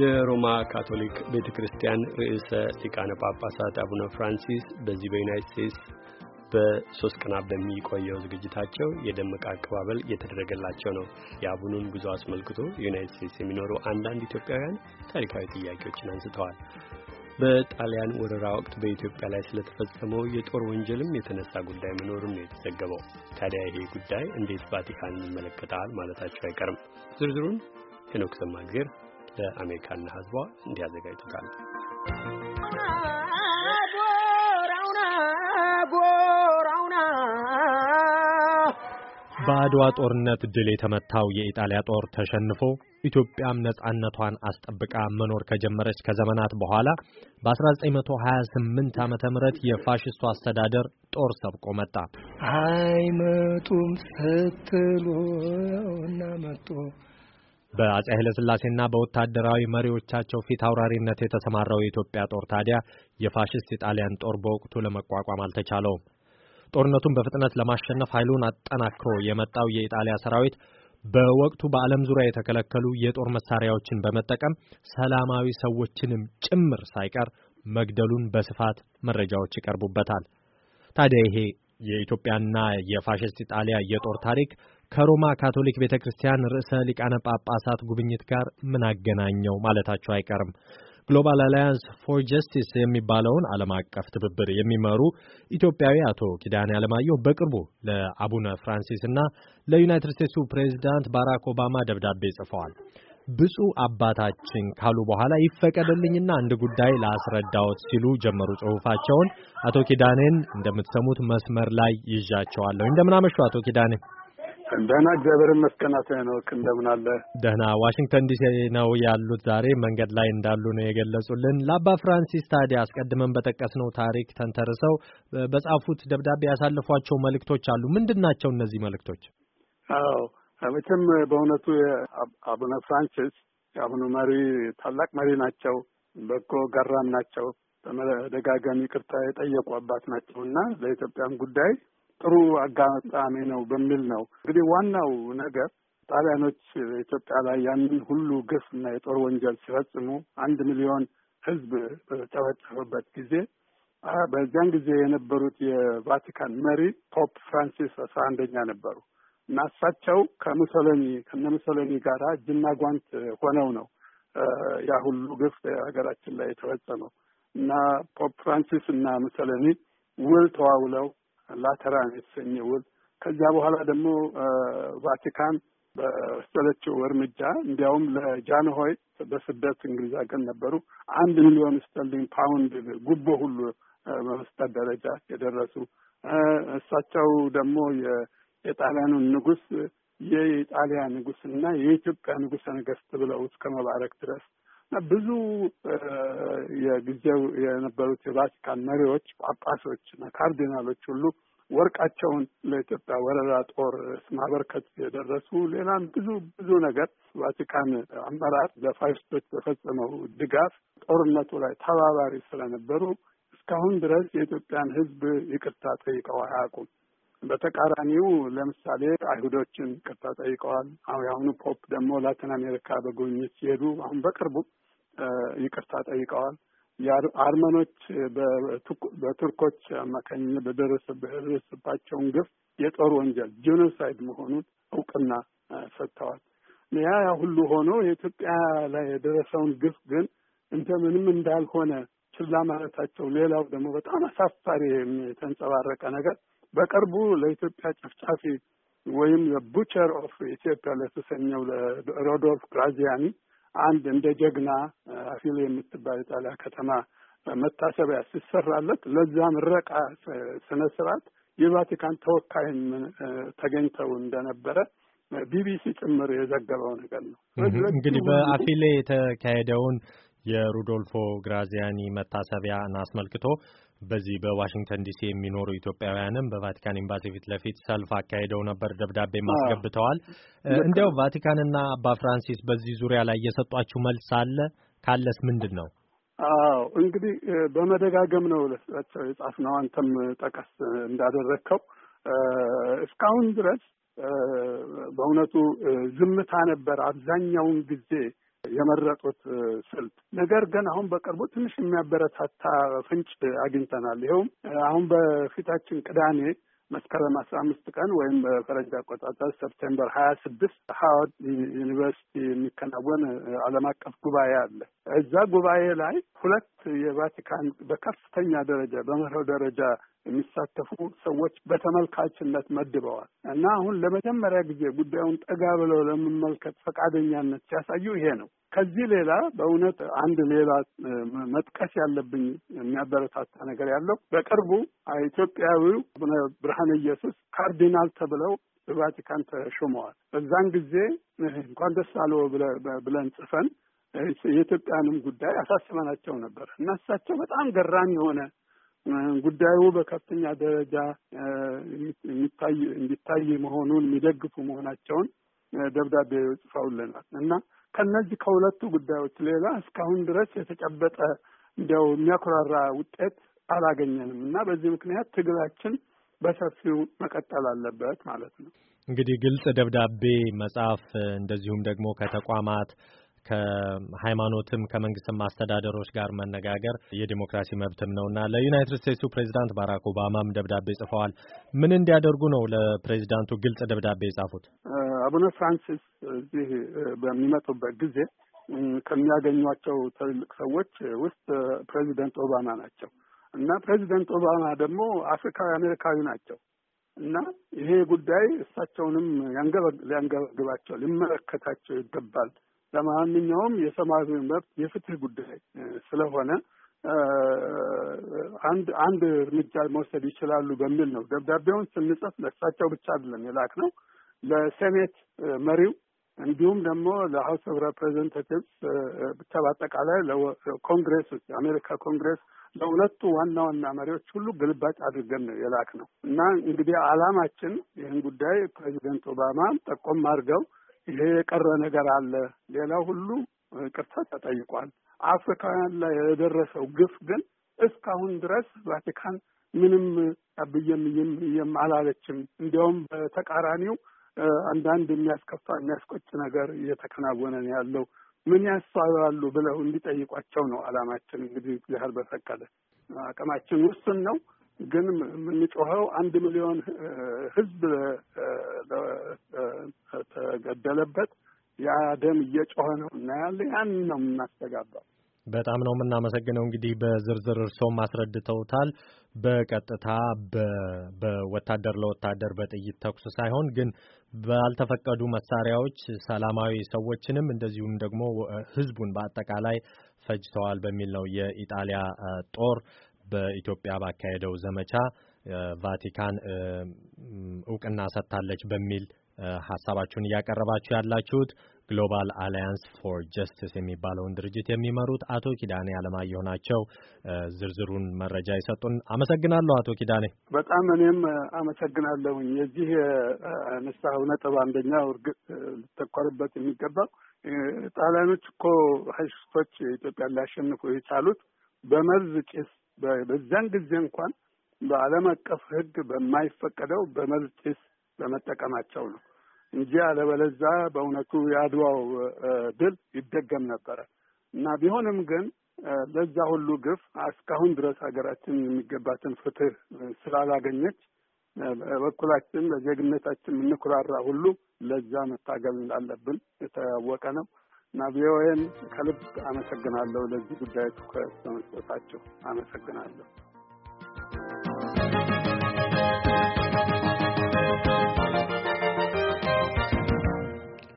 የሮማ ካቶሊክ ቤተ ክርስቲያን ርዕሰ ሊቃነ ጳጳሳት አቡነ ፍራንሲስ በዚህ በዩናይት ስቴትስ በሶስት ቀናት በሚቆየው ዝግጅታቸው የደመቀ አቀባበል እየተደረገላቸው ነው። የአቡኑን ጉዞ አስመልክቶ የዩናይት ስቴትስ የሚኖሩ አንዳንድ ኢትዮጵያውያን ታሪካዊ ጥያቄዎችን አንስተዋል። በጣሊያን ወረራ ወቅት በኢትዮጵያ ላይ ስለተፈጸመው የጦር ወንጀልም የተነሳ ጉዳይ መኖሩም ነው የተዘገበው። ታዲያ ይሄ ጉዳይ እንዴት ቫቲካን ይመለከታል ማለታቸው አይቀርም። ዝርዝሩን ሄኖክ ሰማግዜር ለአሜሪካና ሕዝቧ እንዲህ በአድዋ ጦርነት ድል የተመታው የኢጣሊያ ጦር ተሸንፎ ኢትዮጵያም ነጻነቷን አስጠብቃ መኖር ከጀመረች ከዘመናት በኋላ በ1928 ዓ ም የፋሽስቱ አስተዳደር ጦር ሰብቆ መጣ። አይመጡም ስትሉና መጡ በአጼ ኃይለሥላሴና በወታደራዊ መሪዎቻቸው ፊት አውራሪነት የተሰማራው የኢትዮጵያ ጦር ታዲያ የፋሽስት የጣሊያን ጦር በወቅቱ ለመቋቋም አልተቻለውም። ጦርነቱን በፍጥነት ለማሸነፍ ኃይሉን አጠናክሮ የመጣው የኢጣሊያ ሰራዊት በወቅቱ በዓለም ዙሪያ የተከለከሉ የጦር መሳሪያዎችን በመጠቀም ሰላማዊ ሰዎችንም ጭምር ሳይቀር መግደሉን በስፋት መረጃዎች ይቀርቡበታል። ታዲያ ይሄ የኢትዮጵያና የፋሽስት ኢጣሊያ የጦር ታሪክ ከሮማ ካቶሊክ ቤተ ክርስቲያን ርዕሰ ሊቃነ ጳጳሳት ጉብኝት ጋር ምን አገናኘው ማለታቸው አይቀርም። ግሎባል አላያንስ ፎር ጀስቲስ የሚባለውን ዓለም አቀፍ ትብብር የሚመሩ ኢትዮጵያዊ አቶ ኪዳኔ አለማየሁ በቅርቡ ለአቡነ ፍራንሲስ እና ለዩናይትድ ስቴትሱ ፕሬዚዳንት ባራክ ኦባማ ደብዳቤ ጽፈዋል። ብፁዕ አባታችን ካሉ በኋላ ይፈቀደልኝና አንድ ጉዳይ ላስረዳዎት ሲሉ ጀመሩ ጽሑፋቸውን። አቶ ኪዳኔን እንደምትሰሙት መስመር ላይ ይዣቸዋለሁ። እንደምናመሹ አቶ ኪዳኔ ደህና እግዚአብሔርን መስቀናት ነው። እንደምን አለ? ደህና። ዋሽንግተን ዲሲ ነው ያሉት። ዛሬ መንገድ ላይ እንዳሉ ነው የገለጹልን። ለአባ ፍራንሲስ ታዲያ አስቀድመን በጠቀስነው ታሪክ ተንተርሰው በጻፉት ደብዳቤ ያሳለፏቸው መልእክቶች አሉ። ምንድን ናቸው እነዚህ መልእክቶች? አዎ መቼም በእውነቱ አቡነ ፍራንሲስ የአሁኑ መሪ ታላቅ መሪ ናቸው። በጎ ገራም ናቸው። በመደጋጋሚ ቅርታ የጠየቁ አባት ናቸው እና ለኢትዮጵያም ጉዳይ ጥሩ አጋጣሚ ነው በሚል ነው እንግዲህ ዋናው ነገር ጣሊያኖች በኢትዮጵያ ላይ ያንን ሁሉ ግፍ እና የጦር ወንጀል ሲፈጽሙ አንድ ሚሊዮን ሕዝብ በተጨፈጨፈበት ጊዜ በዚያን ጊዜ የነበሩት የቫቲካን መሪ ፖፕ ፍራንሲስ አስራ አንደኛ ነበሩ እና እሳቸው ከሙሶሎኒ ከነ ሙሶሎኒ ጋራ እጅና ጓንት ሆነው ነው ያ ሁሉ ግፍ ሀገራችን ላይ የተፈጸመው እና ፖፕ ፍራንሲስ እና ሙሶሎኒ ውል ተዋውለው ላተራን የተሰኘ ውል ከዚያ በኋላ ደግሞ ቫቲካን በወሰደችው እርምጃ እንዲያውም ለጃንሆይ በስደት እንግሊዝ ሀገር ነበሩ አንድ ሚሊዮን ስተርሊንግ ፓውንድ ጉቦ ሁሉ በመስጠት ደረጃ የደረሱ እሳቸው ደግሞ የጣሊያኑን ንጉስ የኢጣሊያ ንጉስ እና የኢትዮጵያ ንጉሰ ነገስት ብለው እስከ መባረክ ድረስ ብዙ የጊዜው የነበሩት የቫቲካን መሪዎች፣ ጳጳሶች እና ካርዲናሎች ሁሉ ወርቃቸውን ለኢትዮጵያ ወረራ ጦር ማበርከት የደረሱ ሌላም ብዙ ብዙ ነገር ቫቲካን አመራር ለፋሽስቶች በፈጸመው ድጋፍ ጦርነቱ ላይ ተባባሪ ስለነበሩ እስካሁን ድረስ የኢትዮጵያን ሕዝብ ይቅርታ ጠይቀው አያውቁም። በተቃራኒው ለምሳሌ አይሁዶችን ቅርታ ጠይቀዋል። የአሁኑ ፖፕ ደግሞ ላቲን አሜሪካ በጉብኝት ሲሄዱ አሁን በቅርቡ ይቅርታ ጠይቀዋል። የአርመኖች በቱርኮች አማካኝ በደረሰባቸውን ግፍ የጦር ወንጀል ጄኖሳይድ መሆኑን እውቅና ሰጥተዋል። ያ ሁሉ ሆኖ የኢትዮጵያ ላይ የደረሰውን ግፍ ግን እንደምንም እንዳልሆነ ችላ ማለታቸው፣ ሌላው ደግሞ በጣም አሳፋሪ የተንጸባረቀ ነገር በቅርቡ ለኢትዮጵያ ጨፍጫፊ ወይም የቡቸር ኦፍ ኢትዮጵያ ለተሰኘው ለሮዶልፍ ግራዚያኒ አንድ እንደ ጀግና አፊል የምትባል የጣሊያ ከተማ መታሰቢያ ሲሰራለት ለዛ ምረቃ ስነ ስርዓት የቫቲካን ተወካይም ተገኝተው እንደነበረ ቢቢሲ ጭምር የዘገበው ነገር ነው። እንግዲህ በአፊሌ የተካሄደውን የሩዶልፎ ግራዚያኒ መታሰቢያን አስመልክቶ በዚህ በዋሽንግተን ዲሲ የሚኖሩ ኢትዮጵያውያንም በቫቲካን ኤምባሲ ፊት ለፊት ሰልፍ አካሄደው ነበር። ደብዳቤ አስገብተዋል። እንዲያው ቫቲካንና አባ ፍራንሲስ በዚህ ዙሪያ ላይ የሰጧችሁ መልስ አለ? ካለስ ምንድን ነው? አዎ እንግዲህ በመደጋገም ነው ለሳቸው የጻፍነው። አንተም ጠቀስ እንዳደረግከው እስካሁን ድረስ በእውነቱ ዝምታ ነበር አብዛኛውን ጊዜ የመረጡት ስልት። ነገር ግን አሁን በቅርቡ ትንሽ የሚያበረታታ ፍንጭ አግኝተናል። ይኸውም አሁን በፊታችን ቅዳሜ መስከረም አስራ አምስት ቀን ወይም በፈረንጅ አቆጣጠር ሰፕቴምበር ሀያ ስድስት ሀዋርድ ዩኒቨርሲቲ የሚከናወን ዓለም አቀፍ ጉባኤ አለ። እዛ ጉባኤ ላይ ሁለት የቫቲካን በከፍተኛ ደረጃ በመርህ ደረጃ የሚሳተፉ ሰዎች በተመልካችነት መድበዋል እና አሁን ለመጀመሪያ ጊዜ ጉዳዩን ጠጋ ብለው ለመመልከት ፈቃደኛነት ሲያሳዩ ይሄ ነው። ከዚህ ሌላ በእውነት አንድ ሌላ መጥቀስ ያለብኝ የሚያበረታታ ነገር ያለው በቅርቡ ኢትዮጵያዊው አቡነ ብርሃነ ኢየሱስ ካርዲናል ተብለው በቫቲካን ተሾመዋል። በዛን ጊዜ እንኳን ደስ አለ ብለን ጽፈን የኢትዮጵያንም ጉዳይ አሳስበናቸው ነበር እና እሳቸው በጣም ገራሚ የሆነ ጉዳዩ በከፍተኛ ደረጃ እንዲታይ መሆኑን የሚደግፉ መሆናቸውን ደብዳቤ ጽፈውልናል እና ከነዚህ ከሁለቱ ጉዳዮች ሌላ እስካሁን ድረስ የተጨበጠ እንዲያው የሚያኮራራ ውጤት አላገኘንም እና በዚህ ምክንያት ትግላችን በሰፊው መቀጠል አለበት ማለት ነው። እንግዲህ ግልጽ ደብዳቤ መጻፍ እንደዚሁም ደግሞ ከተቋማት ከሃይማኖትም ከመንግስትም አስተዳደሮች ጋር መነጋገር የዲሞክራሲ መብትም ነው እና ለዩናይትድ ስቴትሱ ፕሬዚዳንት ባራክ ኦባማም ደብዳቤ ጽፈዋል። ምን እንዲያደርጉ ነው ለፕሬዚዳንቱ ግልጽ ደብዳቤ የጻፉት? አቡነ ፍራንሲስ እዚህ በሚመጡበት ጊዜ ከሚያገኟቸው ትልልቅ ሰዎች ውስጥ ፕሬዚደንት ኦባማ ናቸው እና ፕሬዚደንት ኦባማ ደግሞ አፍሪካዊ አሜሪካዊ ናቸው እና ይሄ ጉዳይ እሳቸውንም ሊያንገበግባቸው ሊመለከታቸው ይገባል ለማንኛውም የሰማያዊ መብት የፍትህ ጉዳይ ስለሆነ አንድ አንድ እርምጃ መውሰድ ይችላሉ በሚል ነው ደብዳቤውን ስንጽፍ ለእሳቸው ብቻ አይደለም የላክ ነው ለሴኔት መሪው እንዲሁም ደግሞ ለሀውስ ኦፍ ሬፕሬዘንታቲቭ ብቻ በአጠቃላይ ለኮንግሬስ የአሜሪካ ኮንግሬስ ለሁለቱ ዋና ዋና መሪዎች ሁሉ ግልባጭ አድርገን ነው የላክ ነው እና እንግዲህ አላማችን ይህን ጉዳይ ፕሬዚደንት ኦባማ ጠቆም አድርገው ይሄ የቀረ ነገር አለ። ሌላ ሁሉ ይቅርታ ተጠይቋል። አፍሪካውያን ላይ የደረሰው ግፍ ግን እስካሁን ድረስ ቫቲካን ምንም አብየም ይም አላለችም። እንዲያውም በተቃራኒው አንዳንድ የሚያስከፋ የሚያስቆጭ ነገር እየተከናወነ ነው ያለው። ምን ያስተዋላሉ ብለው እንዲጠይቋቸው ነው አላማችን። እንግዲህ እግዚአብሔር በፈቀደ አቅማችን ውስን ነው። ግን የምንጮኸው አንድ ሚሊዮን ህዝብ ተገደለበት። ያ ደም እየጮኸ ነው እና ያን ነው የምናስተጋባው። በጣም ነው የምናመሰግነው። እንግዲህ በዝርዝር እርሶም አስረድተውታል። በቀጥታ በወታደር ለወታደር በጥይት ተኩስ ሳይሆን ግን ባልተፈቀዱ መሳሪያዎች ሰላማዊ ሰዎችንም እንደዚሁም ደግሞ ህዝቡን በአጠቃላይ ፈጅተዋል በሚል ነው የኢጣሊያ ጦር በኢትዮጵያ ባካሄደው ዘመቻ ቫቲካን እውቅና ሰጥታለች በሚል ሀሳባችሁን እያቀረባችሁ ያላችሁት ግሎባል አላያንስ ፎር ጀስቲስ የሚባለውን ድርጅት የሚመሩት አቶ ኪዳኔ አለማየሁ ናቸው። ዝርዝሩን መረጃ ይሰጡን። አመሰግናለሁ አቶ ኪዳኔ። በጣም እኔም አመሰግናለሁኝ። የዚህ አነሳኸው ነጥብ አንደኛው እርግጥ ልተኮርበት የሚገባው ጣሊያኖች እኮ ፋሽስቶች ኢትዮጵያን ሊያሸንፉ የቻሉት በመርዝ ጭስ በዛን ጊዜ እንኳን በዓለም አቀፍ ሕግ በማይፈቀደው በመብል ጭስ በመጠቀማቸው ነው እንጂ አለበለዛ በእውነቱ የአድዋው ድል ይደገም ነበረ እና ቢሆንም ግን ለዛ ሁሉ ግፍ እስካሁን ድረስ ሀገራችን የሚገባትን ፍትህ ስላላገኘች በበኩላችን በዜግነታችን የምንኩራራ ሁሉ ለዛ መታገል እንዳለብን የታወቀ ነው። እና ቪኦኤን ከልብ አመሰግናለሁ ለዚህ ጉዳይ ትኩረት በመስጠታቸው አመሰግናለሁ።